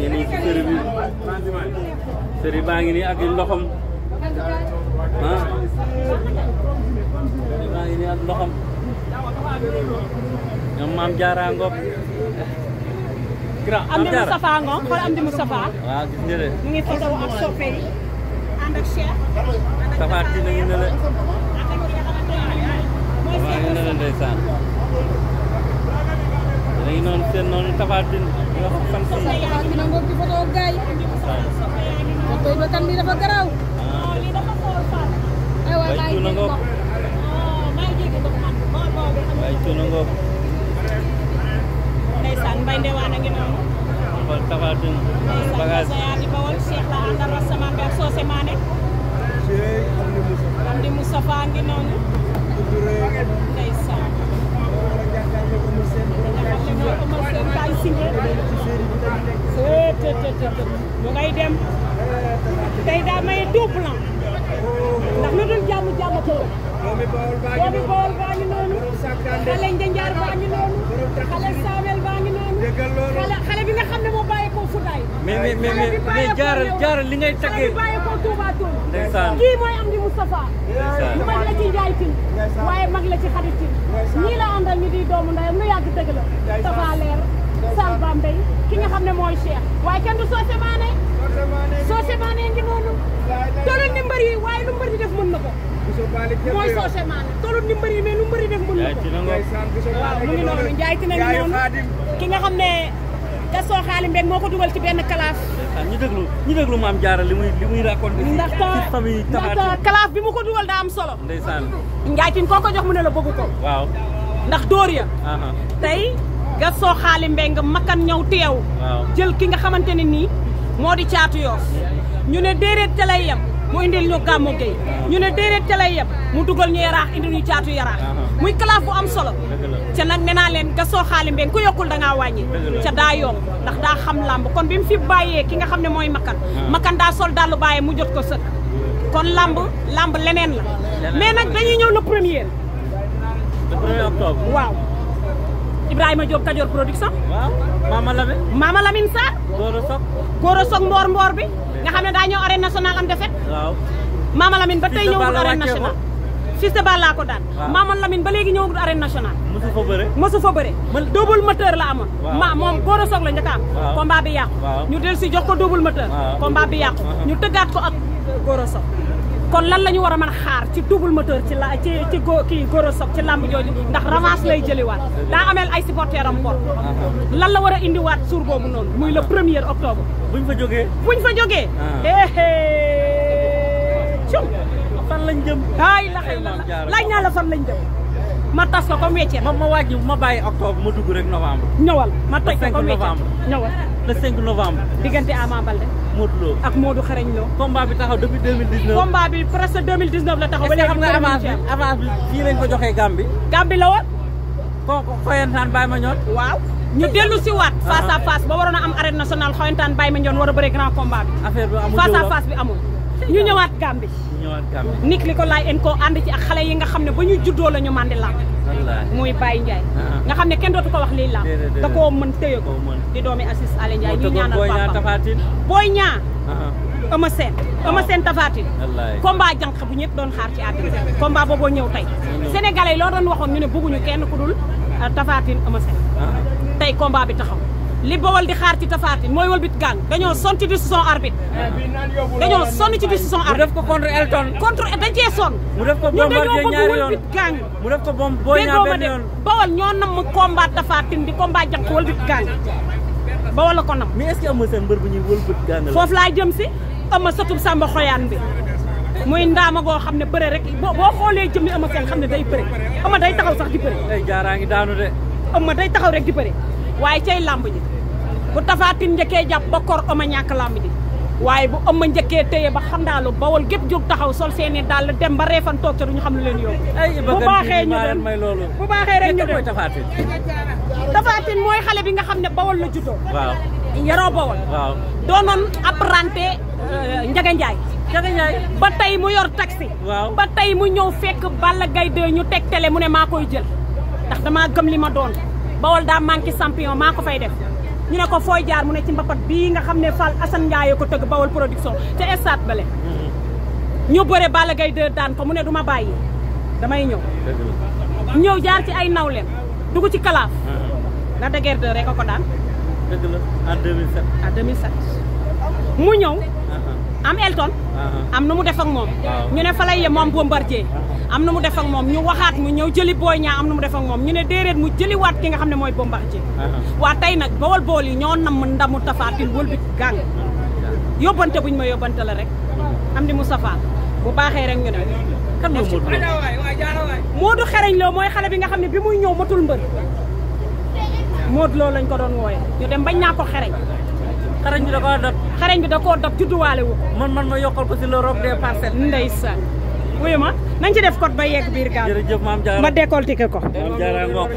ngi nii ci sëri bi ak loxom ah sëri baa ngi ak loxom ñoom maam jaara ngoog grand am di Moustapha ngoog xool am di Moustapha waaw gis nga de mu ngi photo ak soppe yi ak Cheikh Safa Ay non sen non tafatin nga xam xam ci tafatin ngoo ci photo gaay photo ba tan bi dafa garaw ah. oh, li dafa xool kan fa ay way bay ci ngoo bay jégué ko xam mo mo bi non xool tafatin bagage sa yaani bawol sama père sosé mané cheikh mustafa amdi mustafa mu ngay dem tey daa may tout plan ndax lu dul jàmm jàmm ko Bawol baa ngi noonu xale Njanjaar baa ngi noonu xale Saamel baa ngi noonu xale bi nga xam ne moo bàyyeekoo Fudaay mais mais mais mais li ngay taggee kii mooy am di Moustapha mag la ci Njaay tin waaye mag la ci xarit tin la àndal ñu di doomu ndeyam lu yàgg dëgg la Tafa Leer ki nga xam ne mooy Cheikh waaye kenn du Socé Mané Socé Mané ngi noonu tolul ni mbër waaye lu mbër def mën na ko mooy Socé Mané tolul ni mbër yi lu mbër def mën na ko Njaay tin a noonu ki nga xam ne Gaston Xaali moo ko dugal ci benn kalaaf. ñu ñu déglu maam Jaara li muy li muy raconté. ndax ndax kalaaf bi mu ko dugal daa am solo. ndeysaan. Njaay Tine ko jox mu ne la bëgg ko. waaw ndax dóor ya. tey Gaston Xaali Mbeng makkan ñëw teew. jël ki nga xamante ne nii moo di caatu yoof ñu ne déedéet te lay yem. mu indil ñu gàmmu gay ñu ne déedéet ca lay yem mu dugal ñu yaraax indil ñu caatu yaraax muy classe bu am solo ca nag nee naa leen yokkul danga ngaa wàññi ca daa yokk ndax xam làmb kon bi mu fi bàyyee ki nga xam ne mooy makkan makkan daa sol dalu bàyyee mu jot ko sëkk kon làmb làmb leneen la mais nag dañuy ñëw le premier le premier octobre waaw Ibrahima Diop Kajoor production waaw Mama Lamine Mama Lamine Sarr Goro Sok Goro Sok mboor mboor bi nga xam ne daa ñëw arène am defet waaw Mama Lamine ba tey ñëwagul arène nationale fils de Balla ko daan Mama Lamine ba léegi ñëwagul arène nationale mosu fa bëre mosu fa bëre la amoon ma moom góor a soog la njëkk a am combat bi yàqu ñu del si jox ko double moteur combat bi yàqu ñu tëggaat ko ak góor a kon lan la ñu war a mën a xaar ci double moteur ci la ci ci gó kii Gora Sock ci làmb jooju ndax revanche lay jëliwaat daa ameel ay supporters am bor lan la war a indiwaat suur boobu noonu muy le premier octobre. buñ fa jógee. buñ fa jógee. Ah. Eh, eh. cum. fan lañ jëm. ay la xëy na laaj naa la fan lañ jëm. ma tas ko comme weccet. ma ma wàññi ma bàyyi octobre ma dugg rek novembre. ñëwal ma toj ko comme weccet ñëwal. le 5 novembre. diggante Ama Baldé. Modou Lo ak Modou Xarañ Lo. bi taxaw depuis 2019. combat bi presque 2019 la taxaw. ba léegi xam nga avance bi fii lañ ko joxee Gambie. Gambie la woon. kooku xoyantaan bàyyi ma ñoon. waaw ñu dellu si waat. Ah, ah. face ba waroon a am arène nationale xoyantaan bàyyi ma ñoon war a bëre grand combat bi. affaire bi amul ñu ñëwaat Gambie. ñu ñëwaat en ko ànd ci ak xale yi nga xam ne ba ñu juddoo la ñu màndi làmb muy Baye Ndiaye ah, ah. nga xam ne kenn dootu ko wax lii la da koo mën téye ko di doomi Aziz Aly ñaan ñu ñaanal papa booy ñaa ah, Eumeu Sène Eumeu Sène Tapha Tine combat jànq bu ñëpp doon xaar ci àddina combat booboo ñëw tey sénégalais yi loo doon waxoon ñu ne bëgguñu kenn ku dul euh, Tapha Tine Eumeu tey combat bi taxaw li bawal di xaar ci tafaatin mooy wëlbit gaan dañoo sonn ci décision arbitre dañoo sonn ci décision arbitre. mu def ko contre Elton. contre dañ cee sonn. mu def ko ñun dañoo bëgg wëlbit gaan. mu def ko bomb boo ñaar benn yoon bawal ñoo nam mu combat tafaatin di combat jànq wëlbit gaan bawal la ko nam. mais est-ce que am na seen mbër bu ñuy wëlbit gaan la. foofu laay jëm si ama sëtub Samba Xoyaan bi. muy ndaama goo xam ne bëre rek boo boo xoolee jëmmi ama seen xam ne day bëre ama day taxaw sax di ay jaaraa ngi daanu de. ama day taxaw rek di bëre waaye cay làmb ji bu tafaatin njëkkee jàpp ba kor ëma ñàkk làmb ji waaye bu ëmma njëkkee téye ba xandaalu bawol gépp jóg taxaw sol seeni dàll dem ba reefan toog ca duñu xam lu leen yóbbu bu baaxee ñu dem bu baaxee rek ñu dem tafaatin mooy xale bi nga xam ne bawol la juddoo waaw yaroo bawol waaw doonoon apprenti euh, Njaga Njaay Njaga ba tey mu yor taxi waaw ba tey mu ñëw fekk Balla Gaye 2 ñu teg télé mu ne maa koy jël ndax damaa gëm li ma doon bawol daa manqué champion maa ko fay def ñu ne ko fooy jaar mu ne ci mbapat bii nga xam ne Fall Assane Ndiaye ko tëgg Bawol production te stade bale ñu bëre Balla Gaye 2 daan ko mu ne du ma bàyyi damay ñëw ñëw jaar ci ay nawleem dugg ci kalaaf la déguère 2 rek a ko daan dëgg la en 2007 en 2007 mu ñëw ah, ah. am Elton ah, am nu mu def ak moom ñu ne fa lay yem moom Bombardier am na mu def ak moom ñu waxaat mu ñëw jëli Boy ñaa am na mu def moom ñu ne déedéet mu jëliwaat ki nga xam ne mooy Bombardier uh-huh. waa tey nag bawol bool yi ñoo nam ndamu tafaatil wëlbit gàng yóbbante buñ ma yóbbante la rek am di Moustapha bu baaxee rek ñu ne kan la Modou xereñ loo mooy xale bi nga xam ne bi muy ñëw matul mbër Modou loolu lañ ko doon wooye ñu dem bañ naa ko xereñ xereñ bi da koo dab xereñ bi da koo dab judduwaale wu man man ma yokkal ko si le robe des wuyu ma nañ ci def code ba yegg biir gaal jërëjëf maam jaara ma décoltiqué ko maam jaara ngok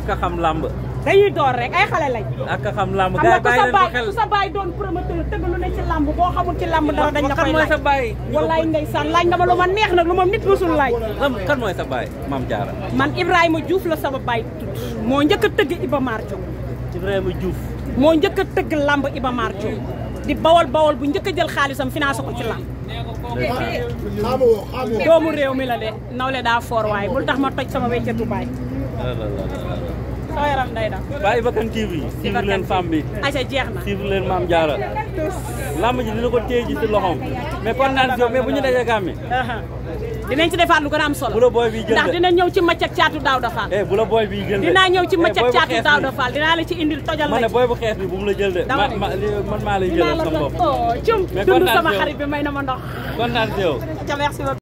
ak xam lamb dañuy door rek ay xale lañ ak xam lamb gaay baay leen xel sa baay doon promoteur teug lu ne ci lamb bo xamul ci lamb dara dañ la koy kan laaj sa baay wallahi ndaysan nga ma neex nak nit musul laaj lam kan moy sa baay man ibrahima diouf la sama baay tut mo teug iba marjo. ibrahima diouf mo ñëk teug lamb iba marjo. di bawal bawal bu ñëk jël xaalisam financé ko ci lamb doomu réew mi la de nawle daa foor waay bul tax ma toj sama wéccatu baay. soo yaram day daw. bàyyi Bakkan TV. suivre leen femme bi. ayca jeex na suivre leen maam Diarra. làmb ji dina ko téye ji ci loxoom. mais kontaan mais bu ñu dajee gàmme. Uh-huh. dinañ ci defaat lu gën a am solo ndax dina ñëw ci macca caatu daaw dafaal dinaa ñëw ci macca caatu daaw dafaal dinaa la ci indil tojal la booy bu xees bi bu mu la jël de man maa lay jëlal sama bopp cum dund sama xarit bi may na ma ndox yow